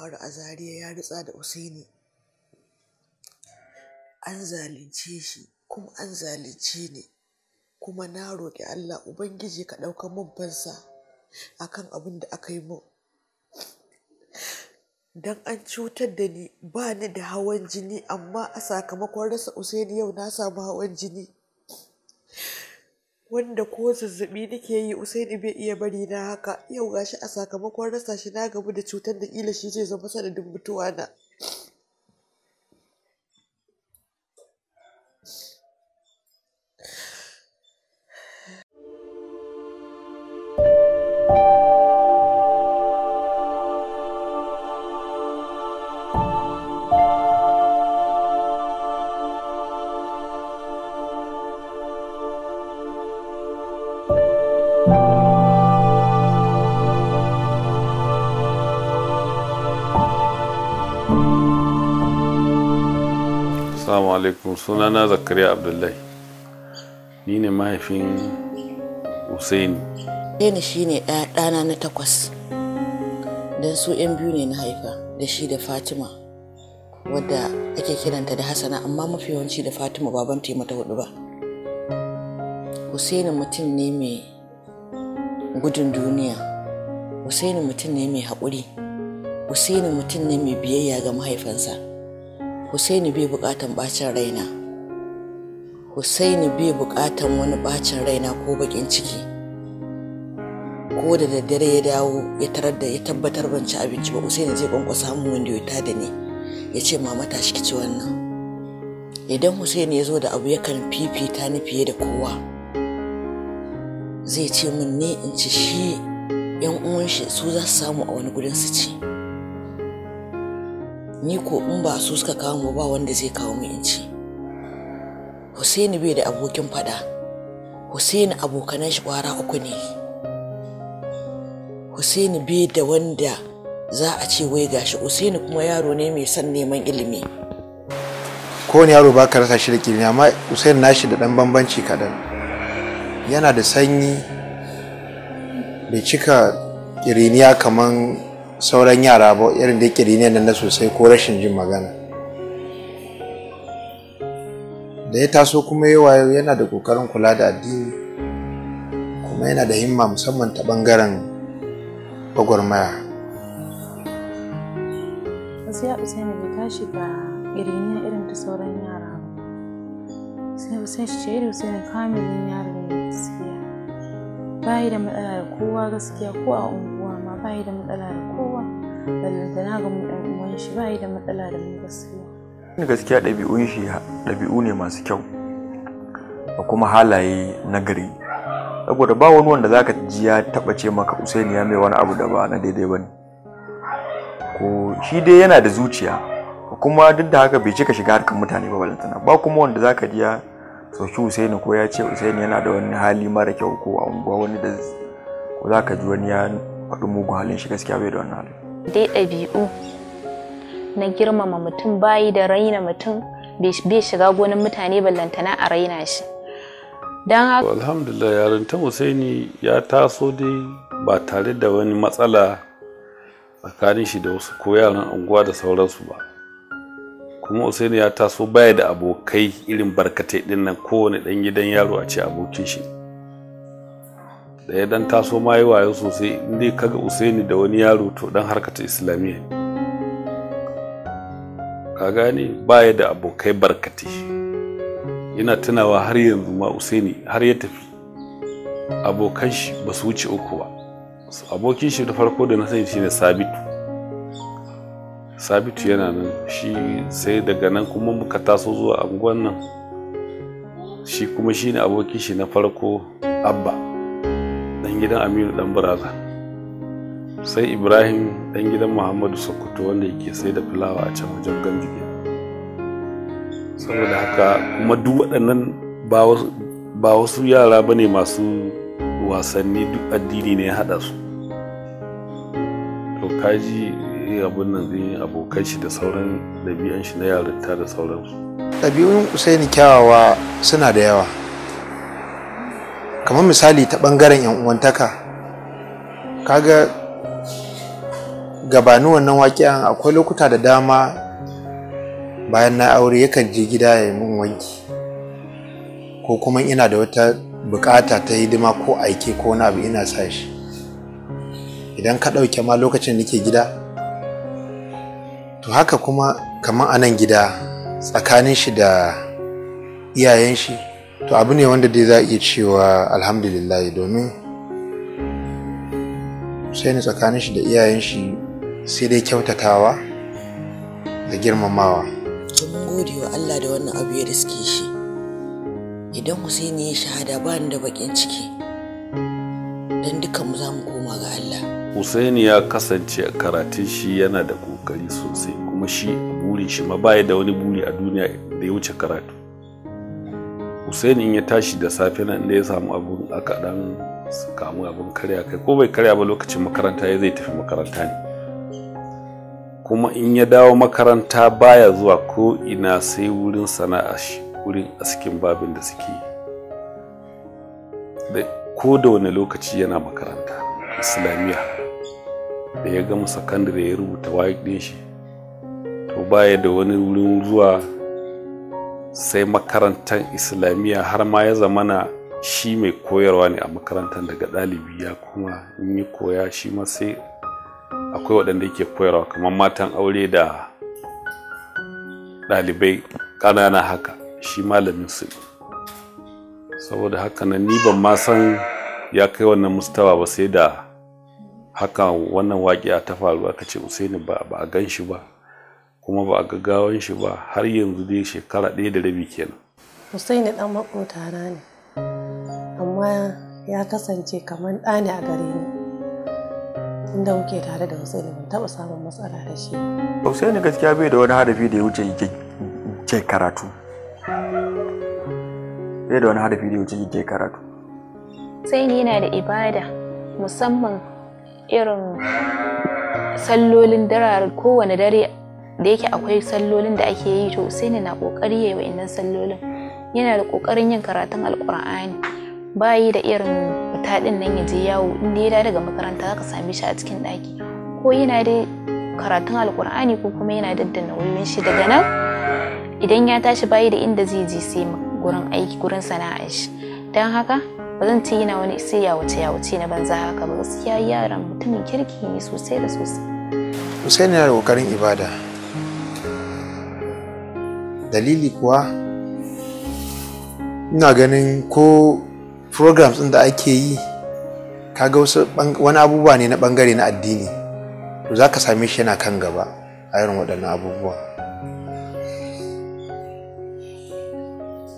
faru a Zariya ya ritsa da usaini an zalunce shi kuma an zalunce ne, kuma na roƙi allah ubangiji ka ɗauka mabbansa fansa kan abin da aka yi mun Don an cutar da ni ba ni da hawan jini amma a sakamakon rasa usaini yau na samu hawan jini wanda ko zazzabi nake yi usaini bai iya bari na haka yau gashi a sakamakon rasa shi na gamu da cutar da kila shi zai zama sanadin mutuwa na sunana zakariya abdullahi ni ne mahaifin husaini shi shine ɗana na takwas don su 'yan biyu ne na haifa da shi da fatima wadda ake kiranta da hasana amma mafi yawanci da fatima baban ta mata hudu ba Husaini mutum ne mai gudun duniya Husaini mutum ne mai haƙuri Husaini mutum ne mai biyayya ga mahaifansa Husaini bai bukatan bacin raina. Husaini bai bukatan wani bacin raina ko bakin ciki. Ko da daddare ya dawo ya tarar da ya tabbatar ban ci abinci ba Husaini zai kwanko samu wanda ya tada ni ya ce mama ta shi ci wannan. Idan Husaini ya zo da abu yakan fifita ni fiye da kowa. Zai ce min ne in ci shi yan uwan shi su za su samu a wani gurin su ci. ni ko in ba su suka kawo mu ba wanda zai kawo mu yanci Hussaini bai da abokin fada Hussaini abokanan shi kwara uku ne Hussaini bai da wanda za a ce wai gashi Hussaini kuma yaro ne mai son neman ilimi kowane yaro ba ka rasa shi da kirni amma Hussaini nashi da dan bambanci kaɗan yana da sanyi bai cika kiriniya kaman sauran yara ba irin da yake ne na sosai ko rashin jin magana da ya taso kuma yawa yana da kokarin kula da addini kuma yana da himma musamman ta bangaren gwagwarmaya wasu ya ne bai tashi ba iriniya irin ta sauran yara ba sai usaini shi ce irin ne kamilin yara ne gaskiya bayi da matsala da kowa gaskiya ko a unguwa bayi da matsala da kowa ballantana ga mu ɗan uwan shi bayi da matsala da mu gaskiya gaskiya ɗabi'un shi ɗabi'u ne masu kyau da kuma halaye na gari saboda ba wani wanda zaka ji ya taba ce maka usaini ya mai wani abu da ba na daidai ba ne ko shi dai yana da zuciya kuma duk da haka bai cika shiga harkar mutane ba balantana ba kuma wanda zaka ji ya sauki usaini ko ya ce usaini yana da wani hali mara kyau ko a unguwa wani da ko zaka ji wani ya faɗi mugun halin shi gaskiya bai da wannan halin dai ɗabi'u na girmama mutum bayi da raina mutum bai shiga gonin mutane ballantana a raina shi don haka alhamdulillah ta husaini ya taso dai ba tare da wani matsala tsakanin shi da wasu ko yaran unguwa da sauransu ba kuma husaini ya taso baya da abokai irin barkatai dinnan kowane ɗan gidan yaro a ce abokin shi da dan taso ma yi wayo sosai inda kaga usaini da wani yaro to dan harkata islamiyya ka gane baya da abokai barkati yana tunawa har yanzu ma usaini har ya tafi abokan shi ba su wuce uku ba abokin shi da farko da na sani shine sabitu sabitu yana nan shi sai daga nan kuma muka taso zuwa anguwan nan shi kuma shine abokin shi na farko abba gidan aminu dan baraza sai ibrahim dan gidan muhammadu sokoto wanda yake sai da fulawa a can wajen gambige saboda haka kuma duk waɗannan ba wasu yara ba ne masu wasanni duk addini ne ya haɗa su to kaji abin nan zai abokai shi da sauran ɗabi'an shi na yarinta da sauransu ɗabi'un usaini kyawawa suna da yawa kamar misali ta ɓangaren yan uwantaka kaga gabani wannan waƙiyan akwai lokuta da dama bayan na aure yakan je gida ya mun wanki ko kuma ina da wata bukata ta hidima ko aike ko wani abu ina sa shi idan ka ɗauke ma lokacin nake gida to haka kuma kamar anan gida tsakanin shi da iyayen shi to abu ne wanda dai za a iya cewa alhamdulillah domin sai ni tsakanin shi da iyayen shi sai dai kyautatawa da girmamawa mun gode wa Allah da wannan abu ya riske shi idan Husaini ya shahada ba ni da bakin ciki dan dukan mu za mu koma ga Allah Husaini ya kasance a karatun shi yana da kokari sosai kuma shi burin shi ma baya da wani buri a duniya da ya wuce karatu in ya tashi da safe nan da ya samu abun aka dan kamu abun karya kai ko bai karya ba lokacin makaranta ya zai tafi makaranta ne kuma in ya dawo makaranta baya zuwa ko ina sai wurin sana'a shi wurin askin babin da suke da ko da wani lokaci yana makaranta islamiyya da ya gama sakandare ya rubuta wayo shi to baya da wani wurin zuwa sai makarantar islamiyya har ma ya zamana shi mai koyarwa ne a makarantar daga ɗalibi ya kuma in yi koya shi ma sai akwai waɗanda yake koyarwa kamar matan aure da ɗalibai ƙanana haka shi malamin su saboda haka nan ni ban ma san ya kai wannan mustawa ba sai da haka wannan waƙiya ta faruwa ka ce usaini ba a gan shi ba kuma ba a gaggawan shi ba har yanzu dai shekara ɗaya da rabi kenan ɗan dan makotana ne amma ya kasance kamar ɗa ne a gare ni inda muke tare da Husaini ban taɓa samun matsala da shi Husaini gaskiya bai da wani hadafi da ya wuce ke karatu bai da wani hadafi da ya wuce ke karatu ni yana da ibada musamman irin sallolin dare kowane dare da yake akwai sallolin da ake yi to Usaini na kokari yayi wayannan sallolin yana da kokarin yin karatun alkur'ani bayi da irin fita din nan ya je yawo inda ya da daga makaranta zaka same shi a cikin ɗaki ko yana da karatun alkur'ani ko kuma yana daddana nauyin shi daga nan idan ya tashi bayi da inda zai je sai gurin aiki gurin sana'ar shi dan haka ba zan ce yana wani sai ya wuce ya wuce na banza haka ba gaskiya yaran mutumin kirki ne sosai da sosai Hussein yana da kokarin ibada dalili kuwa ina ganin ko programs ɗin da ake yi kaga wasu wani abubuwa ne na ɓangare na addini to za ka same shi yana kan gaba a irin waɗannan abubuwa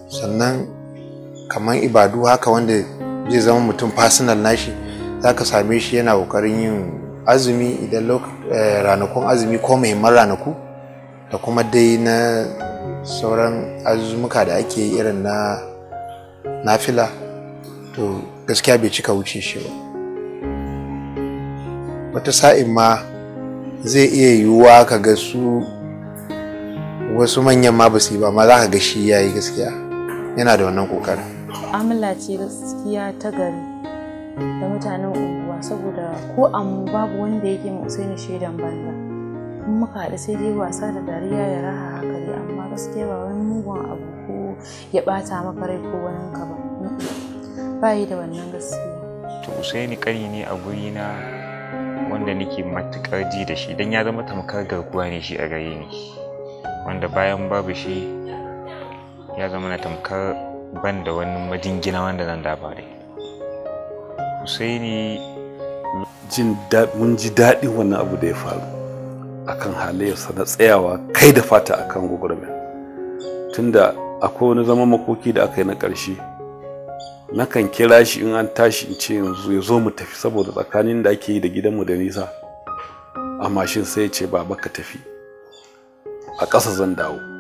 sannan kamar ibadu haka wanda zai zama mutum fasinal nashi za ka same shi yana ƙoƙarin yin azumi idan eh, ranakun azumi ko muhimman ranaku da kuma dai na sauran azumuka da ake irin na nafila to gaskiya bai cika wuce shi ba wata sa'in ma zai iya yiwuwa ka ga su wasu manyan ma ba su yi ba ma za ka ga shi ya yi gaskiya yana da wannan kokarin amala ce gaskiya ta gari da mutanen unguwa saboda ko an babu wanda yake ma usaini shaidan banza in muka haɗu sai dai wasa da dariya ya raha haka dai amma gaske ba wani mugun abu ko ya bata maka rai ko wani ka ba ba yi da wannan gaske. to usaini kani ne a guri na wanda nake matukar ji da shi dan ya zama tamkar garkuwa ne shi a gare ni wanda bayan babu shi ya zama na tamkar ban da wani majingina wanda zan daba. dai usaini jin mun ji daɗin wannan abu da ya faru akan halayyarsa na tsayawa kai da fata akan gugura tunda akwai wani zaman makoki da aka yi na ƙarshe nakan kira shi in an tashi in ce yanzu ya zo mu tafi saboda tsakanin da ake yi da gidanmu da nisa a mashin sai ya ce baba ka tafi a ƙasa zan dawo